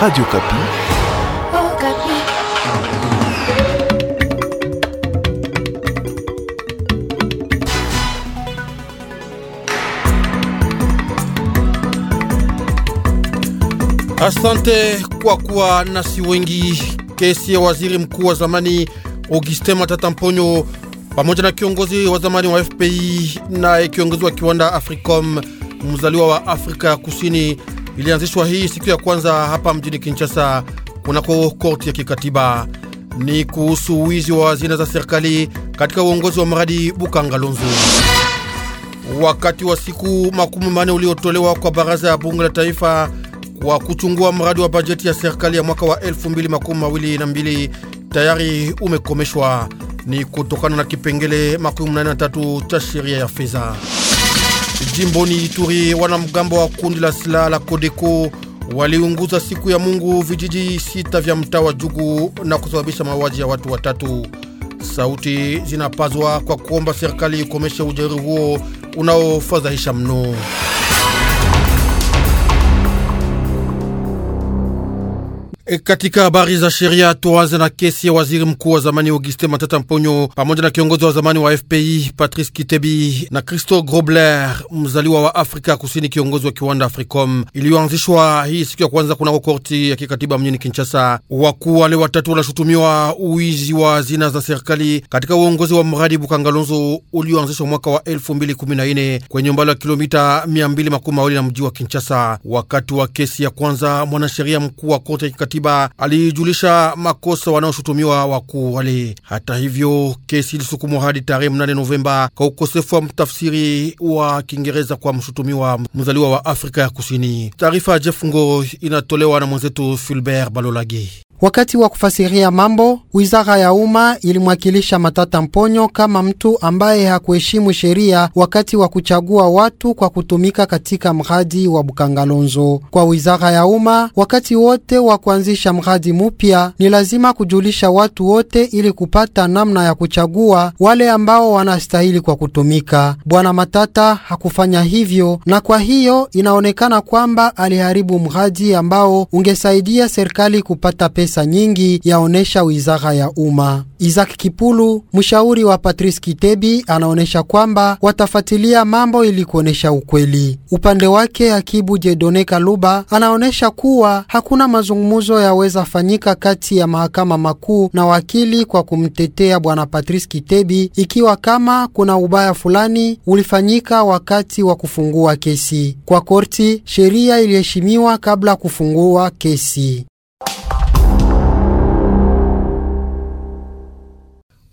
Radio Kapi. Oh, Kapi. Asante kwa kuwa nasi wengi. Kesi ya waziri mkuu wa zamani Augustin Matata Mponyo pamoja na kiongozi wa zamani wa FPI naye kiongozi wa kiwanda Africom mzaliwa wa Afrika ya Kusini ilianzishwa hii siku ya kwanza hapa mjini Kinshasa kunako korti ya kikatiba. Ni kuhusu wizi wa hazina za serikali katika uongozi wa mradi Bukanga Wakati wa siku makumi mane uliotolewa kwa baraza ya bunge la taifa kwa kuchungua mradi wa bajeti ya serikali ya mwaka wa 2022 tayari umekomeshwa, ni kutokana na kipengele makumi mnane na tatu cha sheria ya fedha. Jimboni Ituri, wanamgambo wa kundi la silaha la Kodeko waliunguza siku ya Mungu vijiji sita vya mtaa wa Jugu na kusababisha mauaji ya watu watatu. Sauti zinapazwa kwa kuomba serikali ikomeshe ujeuri huo unaofadhaisha mno. E, katika habari za sheria tuanze na kesi ya waziri mkuu wa zamani Auguste Matata Mponyo pamoja na kiongozi wa zamani wa FPI Patrice Kitebi na Christo Grobler mzaliwa wa Afrika Kusini, kiongozi wa kiwanda Africom iliyoanzishwa hii siku ya kwanza kunako korti ya kikatiba mjini Kinshasa. Wakuu wale watatu wanashutumiwa uizi wa hazina za serikali katika uongozi wa mradi Bukangalonzo ulioanzishwa mwaka wa 2014 kwenye umbali wa kilomita 220 na mji wa Kinshasa. Wakati wa kesi ya kwanza mwanasheria mkuu wa korti ya kikatiba katiba aliijulisha makosa wanaoshutumiwa wakuu wale. Hata hivyo, kesi ilisukumwa hadi tarehe mnane Novemba kwa ukosefu wa mtafsiri wa Kiingereza kwa mshutumiwa mzaliwa wa Afrika ya Kusini. Taarifa ya Jefungo inatolewa na mwenzetu Fulbert Balolagi. Wakati wa kufasiria mambo, wizara ya umma ilimwakilisha Matata Mponyo kama mtu ambaye hakuheshimu sheria wakati wa kuchagua watu kwa kutumika katika mradi wa Bukangalonzo. Kwa wizara ya umma, wakati wote wa kuanzisha mradi mupya ni lazima kujulisha watu wote ili kupata namna ya kuchagua wale ambao wanastahili kwa kutumika. Bwana Matata hakufanya hivyo, na kwa hiyo inaonekana kwamba aliharibu mradi ambao ungesaidia serikali kupata pesa pesa nyingi, yaonesha wizara ya umma. Isaac Kipulu, mshauri wa Patrice Kitebi, anaonyesha kwamba watafuatilia mambo ili kuonesha ukweli. Upande wake, Akibu Jedone Kaluba anaonyesha kuwa hakuna mazungumzo yaweza fanyika kati ya mahakama makuu na wakili kwa kumtetea bwana Patrice Kitebi ikiwa kama kuna ubaya fulani ulifanyika wakati wa kufungua kesi. Kwa korti, sheria iliheshimiwa kabla kufungua kesi.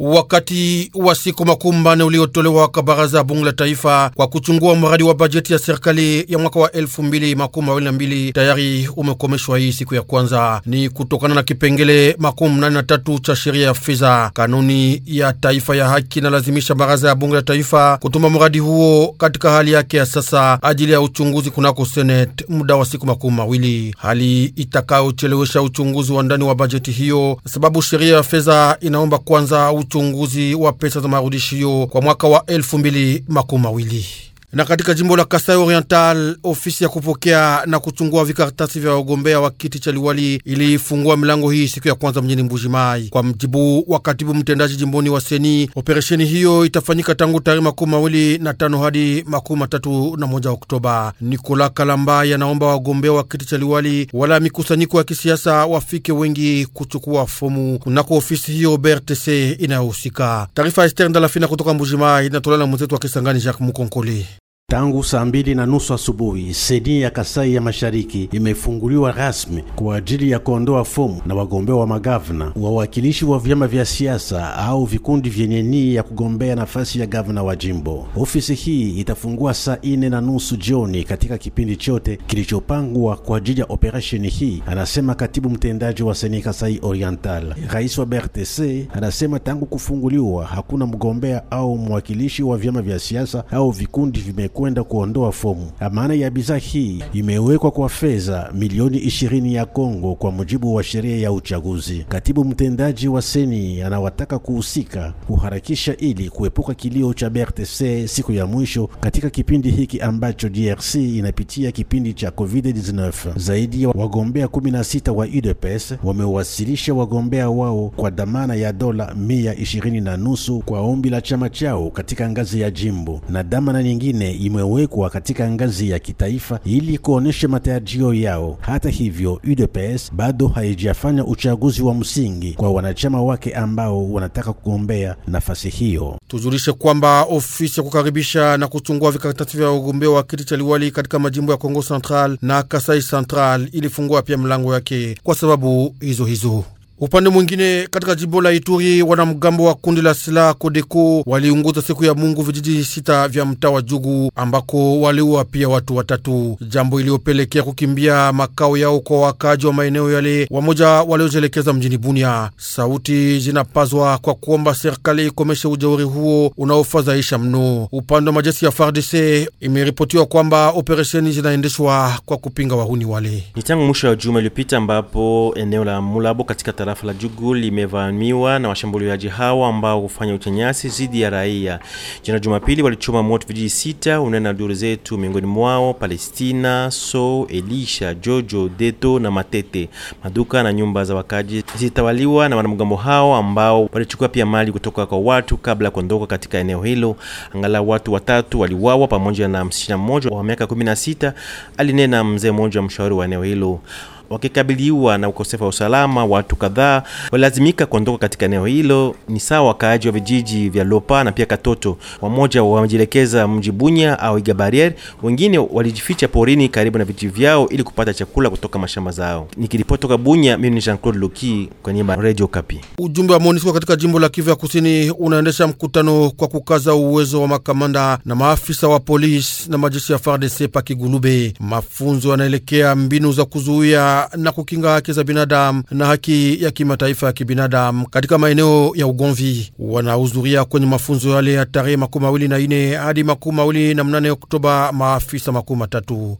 wakati wa siku makumbane uliotolewa kwa baraza ya bunge la taifa kwa kuchungua mradi wa bajeti ya serikali ya mwaka wa elfu mbili makumi na mbili tayari umekomeshwa hii siku ya kwanza. Ni kutokana na kipengele makumi mnane na tatu cha sheria ya fedha. Kanuni ya taifa ya haki inalazimisha baraza ya bunge la taifa kutuma mradi huo katika hali yake ya sasa ajili ya uchunguzi kunako Senate muda wa siku makumi mawili, hali itakayochelewesha uchunguzi wa ndani wa bajeti hiyo, sababu sheria ya fedha inaomba kwanza uchunguzi wa pesa za marudishio kwa mwaka wa elfu mbili makumi mawili. Na katika jimbo la Kasai Oriental, ofisi ya kupokea na kuchungua vikaratasi vya wagombea wa kiti cha liwali ilifungua milango hii siku ya kwanza mjini mbujimai Kwa mjibu wa katibu mtendaji jimboni wa Seni, operesheni hiyo itafanyika tangu tarehe makumi mawili na tano hadi makumi matatu na moja Oktoba. Nikola Kalamba yanaomba wagombea wa kiti cha liwali wala mikusanyiko ya kisiasa wafike wengi kuchukua fomu kunako ofisi hiyo BRTC inayohusika. Taarifa ya Ester Ndalafina kutoka mbujimai Mai inatolewa na mwenzetu wa Kisangani, Jacques Mukonkoli. Tangu saa mbili na nusu asubuhi seni ya Kasai ya Mashariki imefunguliwa rasmi kwa ajili ya kuondoa fomu na wagombea wa magavana, wawakilishi wa vyama vya siasa au vikundi vyenye nia ya kugombea nafasi ya gavana wa jimbo. Ofisi hii itafungua saa ine na nusu jioni katika kipindi chote kilichopangwa kwa ajili ya operesheni hii, anasema katibu mtendaji wa seni Kasai Oriental. Rais wa BRTC anasema tangu kufunguliwa hakuna mgombea au mwakilishi wa vyama vya siasa au vikundi vime kwenda kuondoa fomu. Amana ya bidhaa hii imewekwa kwa fedha milioni ishirini ya Kongo kwa mujibu wa sheria ya uchaguzi. Katibu mtendaji wa seni anawataka kuhusika kuharakisha ili kuepuka kilio cha BRTC siku ya mwisho katika kipindi hiki ambacho DRC inapitia kipindi cha COVID-19. Zaidi ya wagombea 16 wa UDPS wamewasilisha wagombea wao kwa dhamana ya dola mia ishirini na nusu kwa ombi la chama chao katika ngazi ya jimbo na dhamana nyingine imewekwa katika ngazi ya kitaifa ili kuonesha matarajio yao. Hata hivyo, UDPS bado haijafanya uchaguzi wa msingi kwa wanachama wake ambao wanataka kugombea nafasi hiyo. Tujulishe kwamba ofisi ya kukaribisha na kuchungua vikaratasi vya ugombea wa kiti cha liwali katika majimbo ya Kongo Central na Kasai Central ilifungua pia mlango yake kwa sababu hizo hizo. Upande mwingine katika jimbo la Ituri, wanamgambo wa kundi la silaha Kodeko waliunguza siku ya Mungu vijiji sita vya mtaa wa Jugu ambako waliua pia watu watatu, jambo iliyopelekea kukimbia makao yao kwa wakaaji wa maeneo yale, wamoja waliojelekeza mjini Bunia. Sauti zinapazwa kwa kuomba serikali ikomeshe ujeuri huo unaofadhaisha mno. Upande wa majeshi ya FARDC imeripotiwa kwamba operesheni zinaendeshwa kwa kupinga wahuni wale. Ni tangu mwisho wa juma iliyopita ambapo eneo la Mulabo katika tarafa la Jugu limevamiwa na washambuliaji hao ambao hufanya utenyasi dhidi ya raia. Jana Jumapili walichoma moto vijiji sita, unena duru zetu, miongoni mwao Palestina, So, Elisha, Jojo, Deto na Matete. Maduka na nyumba za wakaji zilitawaliwa na wanamgambo hao ambao walichukua pia mali kutoka kwa watu kabla ya kuondoka katika eneo hilo. Angalau watu watatu waliuawa pamoja na msichana mmoja wa miaka 16, alinena mzee mmoja mshauri wa eneo hilo. Wakikabiliwa na ukosefu wa usalama, watu kadhaa walazimika kuondoka katika eneo hilo, ni sawa wakaaji wa vijiji vya Lopa na pia Katoto. Wamoja wamejielekeza mji Bunya au Igabariere, wengine walijificha porini karibu na vijiji vyao ili kupata chakula kutoka mashamba zao. Nikiripoti kutoka Bunya, mimi ni Jean-Claude Luki kwenye Radio Kapi. Ujumbe wa MONUSCO katika jimbo la Kivu ya Kusini unaendesha mkutano kwa kukaza uwezo wa makamanda na maafisa wa polisi na majeshi ya FARDC pa Kigulube. Mafunzo yanaelekea mbinu za kuzuia na kukinga haki za binadamu na haki ya kimataifa ya kibinadamu katika maeneo ya ugomvi. Wanahudhuria kwenye mafunzo yale ya tarehe makumi mawili na ine hadi makumi mawili na mnane Oktoba maafisa makumi matatu.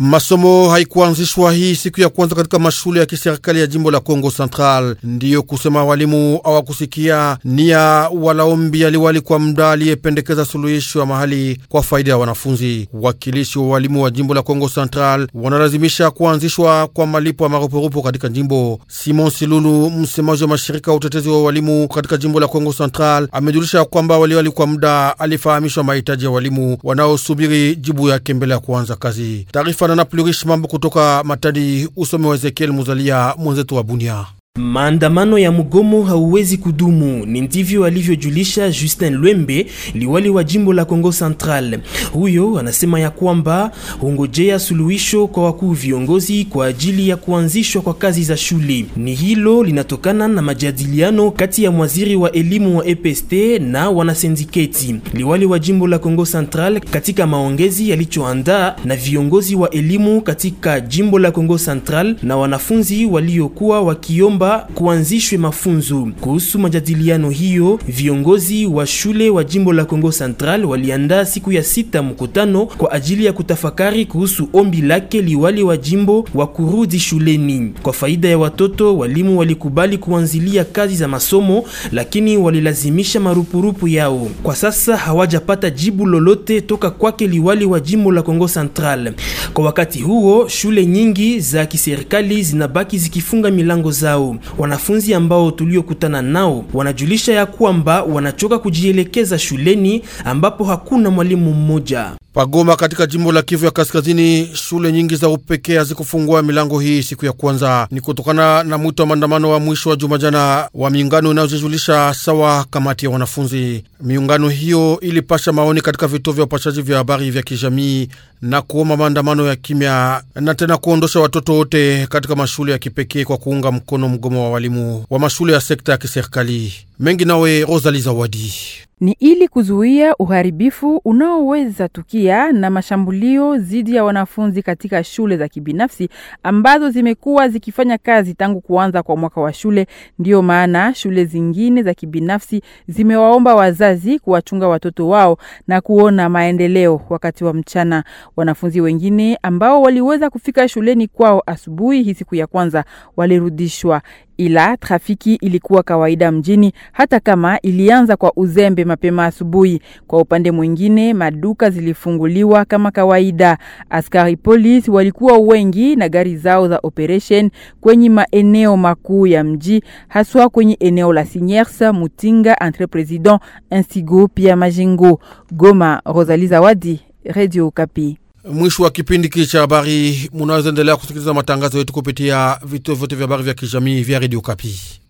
Masomo haikuanzishwa hii siku ya kwanza katika mashule ya kiserikali ya jimbo la congo Central. Ndiyo kusema walimu hawakusikia nia wala ombi aliwali kwa mda aliyependekeza suluhisho ya mahali kwa faida ya wanafunzi. Wakilishi wa walimu wa jimbo la congo Central wanalazimisha kuanzishwa kwa malipo ya marupurupu katika jimbo. Simon Silulu, msemaji wa mashirika ya utetezi wa walimu katika jimbo la congo Central, amejulisha kwamba waliwali kwa mda alifahamishwa mahitaji ya walimu wanaosubiri jibu yake mbele ya kuanza kazi. Taarifa kufanana plurish mambo kutoka Matadi. Usome wa Ezekiel Muzalia, mwenzetu wa Bunia. Maandamano ya mgomo hauwezi kudumu, ni ndivyo alivyojulisha Justin Lwembe, liwali wa jimbo la Kongo Central. Huyo anasema ya kwamba hungojea suluhisho kwa wakuu viongozi kwa ajili ya kuanzishwa kwa kazi za shule. Ni hilo linatokana na majadiliano kati ya mwaziri wa elimu wa EPST na wanasindiketi. Liwali wa jimbo la Kongo Central katika maongezi yalichoandaa na viongozi wa elimu katika jimbo la Kongo Central na wanafunzi waliokuwa wakiomba kuomba kuanzishwe mafunzo kuhusu majadiliano hiyo. Viongozi wa shule wa jimbo la Kongo Central waliandaa siku ya sita mkutano kwa ajili ya kutafakari kuhusu ombi lake liwali wa jimbo wa kurudi shuleni kwa faida ya watoto. Walimu walikubali kuanzilia kazi za masomo, lakini walilazimisha marupurupu yao. Kwa sasa hawajapata jibu lolote toka kwake liwali wa jimbo la Kongo Central. Kwa wakati huo, shule nyingi za kiserikali zinabaki zikifunga milango zao wanafunzi ambao tuliokutana nao wanajulisha ya kwamba wanachoka kujielekeza shuleni ambapo hakuna mwalimu mmoja. Pagoma katika jimbo la Kivu ya Kaskazini, shule nyingi za upekee hazikufungua milango hii siku ya kwanza. Ni kutokana na mwito wa maandamano wa mwisho wa juma jana wa miungano inayojijulisha sawa kamati ya wanafunzi. Miungano hiyo ilipasha maoni katika vituo vya upashaji vya habari vya kijamii na kuomba maandamano ya kimya na tena kuondosha watoto wote katika mashule ya kipekee kwa kuunga mkono mgomo wa walimu wa mashule ya sekta ya kiserikali mengi nawe Rosali Zawadi. Ni ili kuzuia uharibifu unaoweza tukia na mashambulio dhidi ya wanafunzi katika shule za kibinafsi ambazo zimekuwa zikifanya kazi tangu kuanza kwa mwaka wa shule. Ndiyo maana shule zingine za kibinafsi zimewaomba wazazi kuwachunga watoto wao na kuona maendeleo wakati wa mchana. Wanafunzi wengine ambao waliweza kufika shuleni kwao asubuhi hii siku ya kwanza walirudishwa ila trafiki ilikuwa kawaida mjini hata kama ilianza kwa uzembe mapema asubuhi. Kwa upande mwingine, maduka zilifunguliwa kama kawaida. Askari polisi walikuwa wengi na gari zao za operation kwenye maeneo makuu ya mji, haswa kwenye eneo la Sinyersa, Mutinga, Entre President, Insigo pia Majingo. Goma, Rosalie Zawadi, Radio Kapi. Mwisho wa kipindi hiki cha habari, munaweza endelea kusikiliza matangazo yetu kupitia vituo vyote vya habari vya kijamii vya redio Kapi.